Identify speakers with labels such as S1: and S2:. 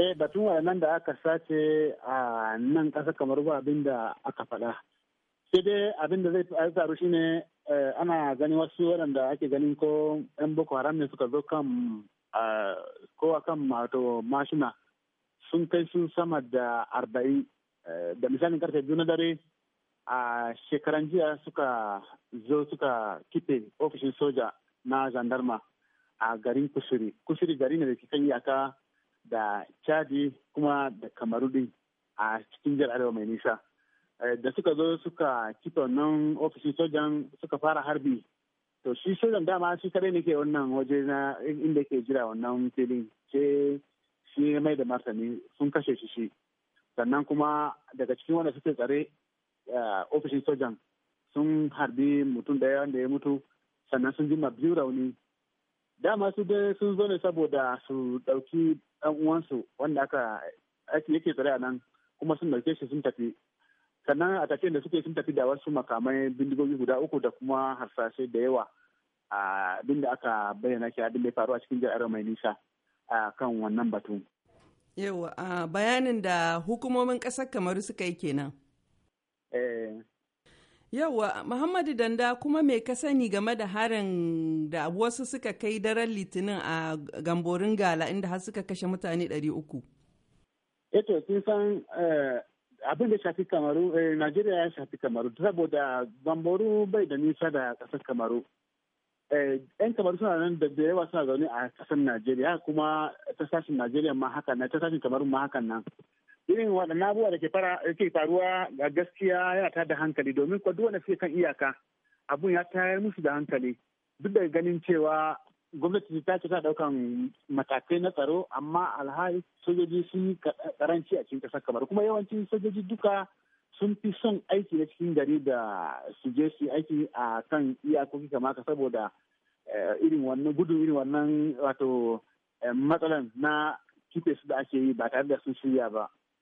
S1: eh batun wayannan da aka sace a nan ƙasa kamar ba abin da aka faɗa sai dai abin da zai faru shine eh, ana gani wasu waɗanda ake ganin ko 'yan boko haram ne suka zo kan a kan mashina sun kai sun sama da arba'in eh, da misalin karfe biyu na dare a shekaran jiya suka zo suka kife ofishin soja na gendarma a garin kusuri kusuri gari ne da ke kan iyaka da chadi kuma da kamaru din a cikin jihar arewa mai nisa eh, da suka zo suka kifa wannan ofishin sojan suka fara harbi to shi sojan dama shi kare ne ke wannan waje na inda ke jira wannan filin ce shi mai da martani sun kashe shi shi sannan kuma daga cikin wanda suke tsare eh, ofishin sojan sun harbi mutum yawan da ya mutu sannan sun jima biyu rauni dama su dai sun zo ne saboda su ɗauki ɗan uwansu wanda aka yake tsare a nan kuma sun ɗauke shi sun tafi sannan a tafiyan da suke sun tafi da wasu makamai bindigogi guda uku da kuma harsashe da yawa abin da aka bayyana shi abin da ya faru a cikin jihar mai nisa a kan wannan batu.
S2: Yawa bayanin da hukumomin ƙasar kamaru suka yi kenan. Eh, Yawa Muhammadu Danda kuma me ka sani game da harin da wasu suka kai daren litinin a gamborin gala inda har suka kashe mutane 300.
S1: Eto sun san eh, abin da shafi kamaru eh, nigeria ya shafi kamaru saboda gamboru bai da nisa da kasar kamaru. Yan eh, kamaru suna nan da yawa suna zaune a kasar nigeria kuma ta sashen nigeria ma haka na ta sashen kamaru ma hakan nan. irin waɗannan abubuwa da ke faruwa ga gaskiya yana ta da hankali domin kwa duk wanda suke kan iyaka abun ya tayar musu da hankali duk da ganin cewa gwamnati ta ce ta daukan matakai na tsaro amma alhali sojoji sun yi karanci a cikin kasar kamar kuma yawancin sojoji duka sun fi son aiki na cikin gari da su je su aiki a kan iyakoki kamar saboda eh, irin wannan gudun irin wannan wato eh, matsalan na kife su da ake yi ba tare da sun shirya ba